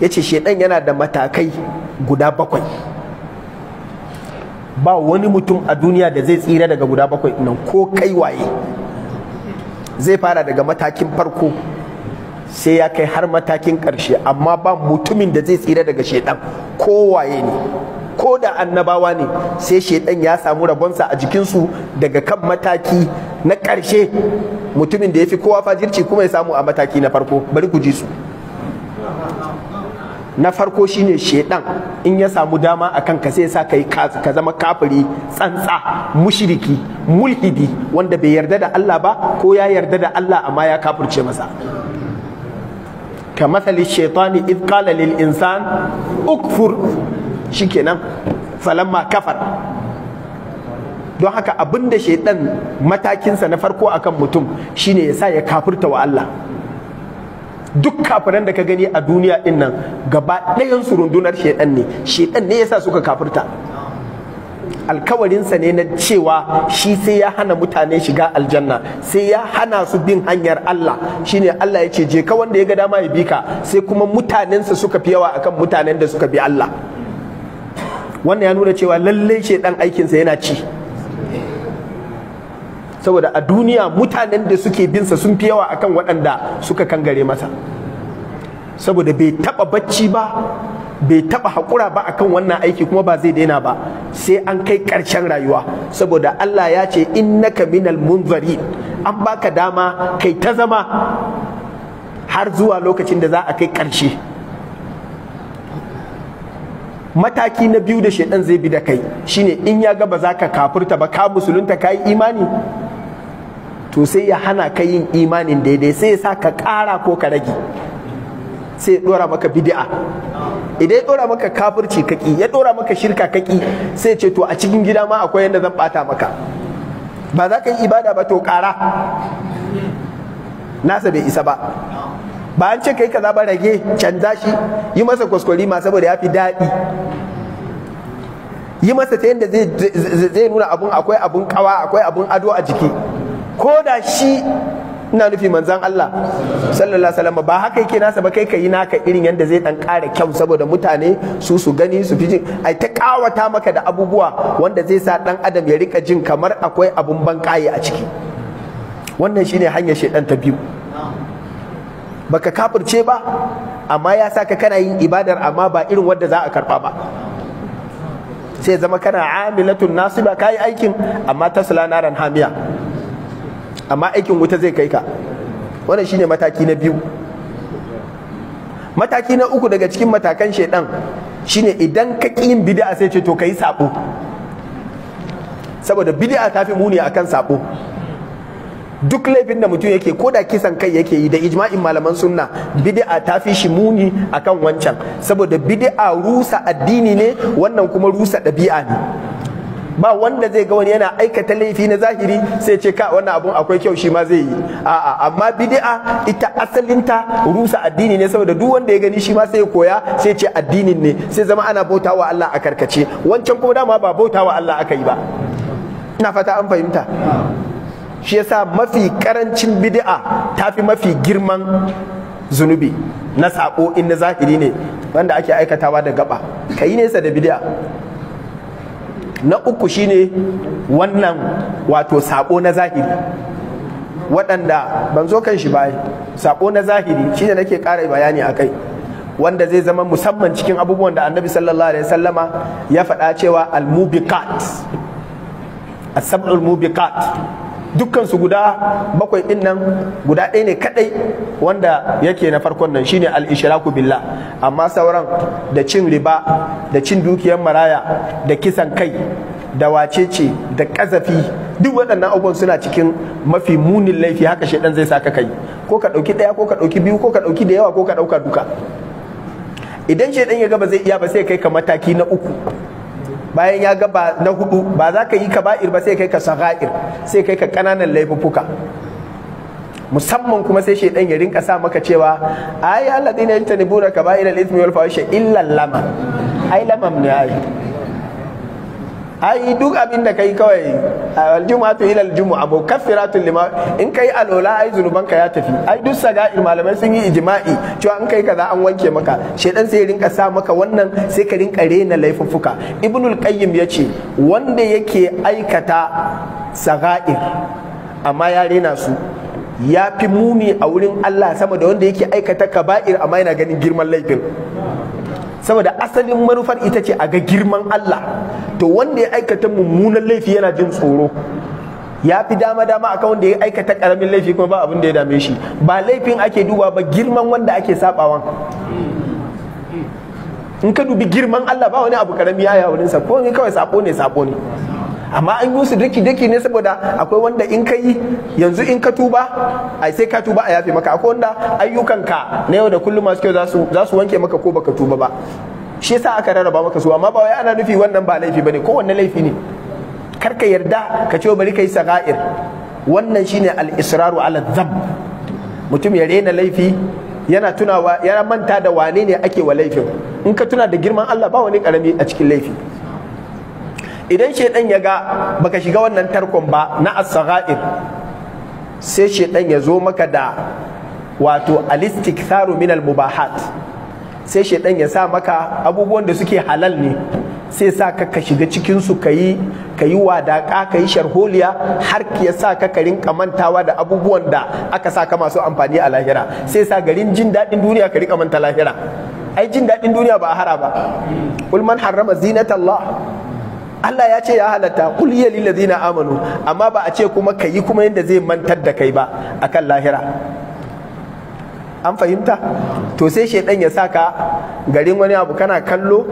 ya ce shedan yana da matakai guda bakwai ba wani mutum a duniya da zai tsira daga guda bakwai nan ko kai waye zai fara daga matakin farko sai ya kai har matakin karshe amma ba mutumin da zai tsira daga shedan ko waye ne ko da annabawa ne sai shedan ya samu rabonsa a jikinsu daga kan mataki na karshe mutumin da ya fi kowa fajirci kuma ya samu a mataki na farko bari ku ji su na farko shine shedan in ya samu dama a kanka sai sa yi ka zama kafiri tsantsa mushriki mulhidi wanda bai yarda da Allah ba ko ya yarda da Allah amma ya kafirce masa ka masali shaitani idh qala lil insan ukfur shikenan falamma kafar don haka abinda shaidan matakinsa na farko akan mutum shine ya sa ya kafirta wa Allah duk kafiran da ka gani a duniya din nan gaba ɗayan su rundunar shedan ne shedan ne yasa suka kafirta alkawarinsa ne na cewa shi sai ya hana mutane shiga aljanna sai ya hana su bin hanyar Allah shine Allah ya ce je ka wanda ya ga dama ya bi ka sai kuma mutanensa suka fi yawa akan mutanen da suka bi Allah wannan ya nuna cewa lallai shedan aikinsa yana ci saboda a duniya mutanen da suke binsa sun fi yawa akan waɗanda suka kangare masa saboda bai taɓa bacci ba bai taɓa haƙura ba akan wannan aiki kuma ba zai daina ba sai an kai ƙarshen rayuwa saboda Allah ya ce innaka minal munzari an baka dama kai ta zama har zuwa lokacin da za a kai ƙarshe mataki na biyu da shaidan zai bi da kai shine in ya ga ba za ka kafurta ba ka musulunta ka yi imani to sai ya hana ka yin imanin daidai sai ya sa ka kara ko ka rage sai ya ɗora maka bid'a idan ya ɗora maka kafirci kaki ya ɗora maka shirka kaki sai ce to a cikin gida ma akwai yadda zan bata maka ba za ka yi ibada ba to ƙara nasa bai isa ba ba an ce kai kaza ba rage canza shi yi masa kwaskwari ma saboda ya fi daɗi yi masa ta yadda zai nuna abun akwai abun kawa akwai abun ado a jiki ko da shi ina nufi manzan Allah sallallahu alaihi wasallam ba haka yake nasa ba kai ka yi naka irin yanda zai dan kyau saboda mutane su su gani su fi jin ai ta kawata maka da abubuwa wanda zai sa dan adam ya rika jin kamar akwai abun ban a ciki wannan shine hanyar shedan ta biyu baka kafirce ba amma ya saka kana yin ibadar amma ba irin wanda za a karba ba sai zama kana amilatun nasiba kai aikin amma tasla naran hamiya amma aikin wuta zai kai ka wannan shine mataki na biyu mataki na uku daga cikin matakan shaidan shine idan ka kin yin bid'a sai ce to yi sabo saboda bid'a ta fi muni akan sabo duk laifin da mutum yake ko da kisan kai yake yi da ijma'in malaman sunna bid'a ta fi shi muni akan wancan saboda bid'a rusa addini ne wannan kuma rusa ɗabi'a ne ba wanda zai ga wani yana aikata laifi na zahiri sai ce ka wannan abun akwai kyau shi ma zai yi a'a amma bid'a ita asalinta rusa addini ne saboda duk wanda ya gani shi ma sai ya koya sai ce addinin ne sai zama ana bautawa Allah a karkace wancan kuma dama ba bautawa Allah aka yi ba ina fata an fahimta shi yasa mafi karancin bid'a tafi mafi girman zunubi na sako in na zahiri ne wanda ake aikatawa da gaba kayi nesa da bid'a na uku shine wannan wato sabo na zahiri waɗanda ban zo kan shi ba sabo na zahiri shine nake ƙara bayani a kai wanda zai zama musamman cikin abubuwan da annabi sallallahu alaihi sallama ya faɗa cewa al-mubiqat as-sab'ul mubiqat al sabul mubiqat dukkansu guda bakwai ɗin nan guda ɗaya ne kaɗai wanda yake na farkon nan shine al-ishraku billah amma sauran da cin riba da cin dukiyar maraya da kisan kai da wacece da ƙazafi duk waɗannan abubuwan suna cikin mafi munin laifi haka shaidan zai saka kai ko ka ɗauki ɗaya ko ka ɗauki biyu ko ka ɗauki da yawa ko ka ɗauka duka idan shaidan ya ga ba zai iya ba sai kai ka mataki na uku bayan ya ga ba na hudu ba za ka yi kaba'ir ba sai kai ka sagha'ir sai kai ka kananan laifuka musamman kuma sai shaidan ya rinka sa maka cewa ayi alladina yantanibuna kaba'ir al-ithmi wal fahsha illa lama ai lamam ne ai ai duk abin da kai kawai aljumatu ila aljum'a mukaffiratun lima in kai alola ai zunubanka ya tafi ai duk saga'ir malamai sun yi ijma'i cewa an kai kaza an wanke maka shedan sai rinka sa maka wannan sai ka rinka rena laifuffuka ibnul qayyim yace wanda yake aikata saga'ir amma ya rena su ya fi muni a wurin Allah sama da wanda yake aikata kaba'ir amma yana ganin girman laifin saboda asalin manufar ita ce a ga girman Allah to wanda ya aikata mummunan laifi yana jin tsoro ya fi dama dama akan wanda ya aikata karamin laifi kuma ba abin da ya dame shi ba laifin ake duba ba girman wanda ake sabawan in ka dubi girman Allah ba wani abu karami ya yi wurin ko ne kawai sabo ne sabo ne amma an yi su daki daki ne saboda akwai wanda in ka yi yanzu in ka tuba ai sai ka tuba a yafe maka akwai wanda ayyukanka na yau da kullum masu kyau za su wanke maka ko baka tuba ba shi yasa aka rarraba maka su amma ba wai ana nufi wannan ba laifi bane kowanne laifi ne kar ka yarda ka ce bari kai saga'ir wannan shine al-israru ala dhab mutum ya rena laifi yana tunawa ya manta da wane ne ake wa laifin in ka tuna da girman Allah ba wani karami a cikin laifi idan shedan ya ga baka shiga wannan tarkon ba na as-saga'ir sai shedan ya zo maka da wato al-istikthar min al-mubahat sai shaidan ya sa maka abubuwan da suke halal ne sai sa ka ka shiga cikin su kayi kayi wadaka kayi sharholiya har ya sa ka ka rinka mantawa da abubuwan da aka sa ka masu amfani a lahira sai sa garin jin daɗin duniya ka rinka manta lahira ai jin daɗin duniya ba a hara ba kul man harrama Allah ya ce ya halatta kul ya lil ladina amanu amma ba a ce kuma kayi kuma yanda zai mantar da kai ba akan lahira an fahimta to sai shaidan ya saka garin wani abu kana kallo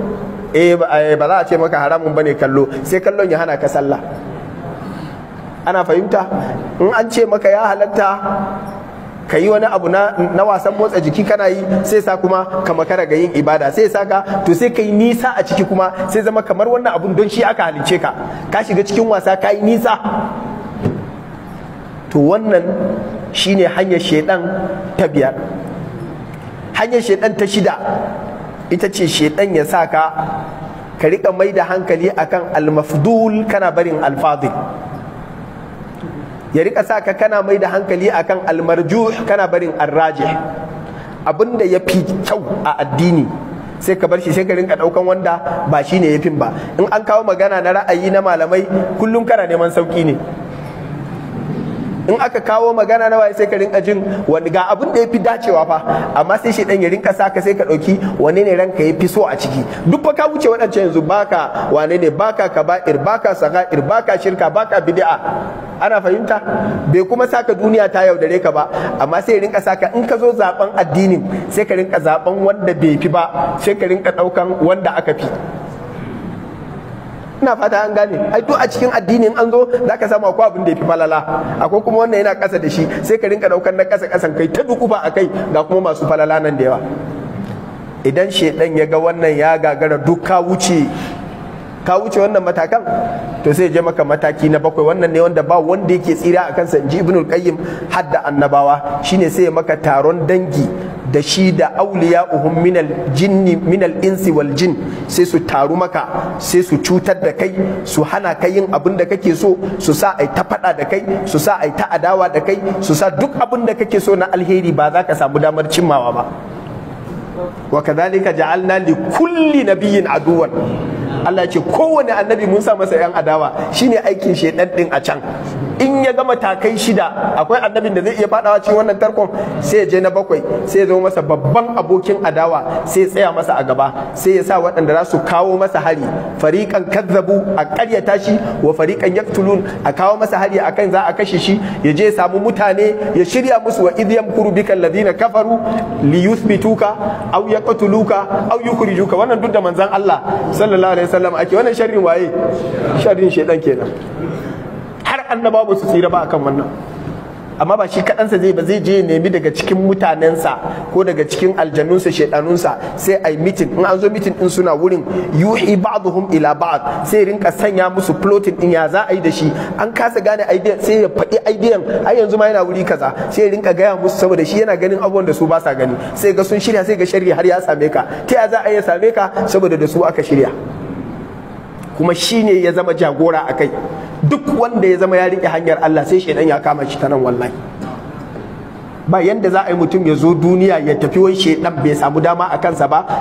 eh, eh ba za a ce maka haramun bane kallo sai kallon ya hana ka sallah ana fahimta in an ce maka ya halatta ka yi wani abu na, wasan motsa jiki kana yi sai sa kuma ka makara ga yin ibada sai sa ka to sai ka yi nisa a ciki kuma sai zama kamar wannan abun don shi aka halince ka ka shiga cikin wasa ka yi nisa to wannan shine hanyar shaidan ta biyar hanyar shaidan ta shida ita ce shaidan ya sa ka ka rika mai da hankali akan almafdul kana barin alfadi ya rika sa ka kana mai da hankali akan almarju kana barin arrajih abinda ya fi kyau a addini sai ka bar shi sai ka rinka daukan wanda ba shine yafin ba in an kawo magana na ra'ayi na malamai kullum kana neman sauki ne in aka kawo magana na waye sai ka rinka jin wani ga abin da ya fi dacewa fa amma sai shedan ya rinka saka sai ka ɗauki wane ne ranka ya fi so a ciki duk fa ka wuce waɗancan yanzu baka wane ne baka kaba'ir baka saga'ir baka shirka baka bid'a ana fahimta bai kuma saka duniya ta yaudare ka ba amma sai rinka saka in ka zo zaben addinin sai ka rinka zaben wanda bai fi ba sai ka rinka ɗaukan wanda aka fi ina fata an gane ai duk a cikin addinin an zo zaka samu akwai abin da yafi falala akwai kuma wannan yana kasa da shi sai ka rinka daukar na kasa kasan kai ta dukufa a kai ga kuma masu falala nan da yawa idan shedan ya ga wannan ya gagara duk ka wuce ka wuce wannan matakan to sai je maka mataki na bakwai wannan ne wanda ba wanda yake tsira a sanji inji ibnul qayyim hadda annabawa shine sai maka taron dangi da shi da auliya uhun minal jinni minal insi wal jin sai su taru maka sai su cutar da kai su hana ka yin abin da kake so su sa ai ta fada da kai su sa ai ta adawa da kai su sa duk abin da kake so na alheri ba za ka samu damar cimmawa ba wa kadhalika ja'alna li kulli nabiyyin aduwan Allah ce kowane annabi mun sa masa yan adawa shine aikin shedan din a can in ya gama matakai shida akwai annabin da zai iya fadawa cikin wannan tarkon sai ya je na bakwai sai ya zama masa babban abokin adawa sai ya tsaya masa a gaba sai ya sa waɗanda za su kawo masa hari fariƙan kazzabu a ƙaryata shi wa fariƙan yaktulun a kawo masa hari akan za a kashe shi ya je samu mutane ya shirya musu wa idiyan kuru bikan ladina kafaru li yuthbituka aw yaqtuluka aw yukhrijuka wannan duk da manzon Allah sallallahu alaihi wasallam ake wannan sharrin waye sharrin shedan kenan ai annaba ba su tsira ba akan wannan amma ba shi kaɗansa zai ba zai je nemi daga cikin mutanensa ko daga cikin aljanunsa shaidanunsa sai ai mitin in an zo mitin din suna wurin yuhi ba'dhum ila ba'd sai rinka sanya musu plotting din ya za a yi da shi an kasa gane idea sai ya faɗi idea ai yanzu ma yana wuri kaza sai rinka gaya musu saboda shi yana ganin abubuwan da su ba sa gani sai ga sun shirya sai ga sharri har ya same ka ta ya za a yi same ka saboda da su aka shirya kuma shine ya zama jagora a kai duk wanda ya zama ya rike hanyar Allah sai shaidan ya kama shi ta nan wallahi ba yanda za a yi mutum ya zo duniya ya tafi wai shedan bai samu dama a kansa ba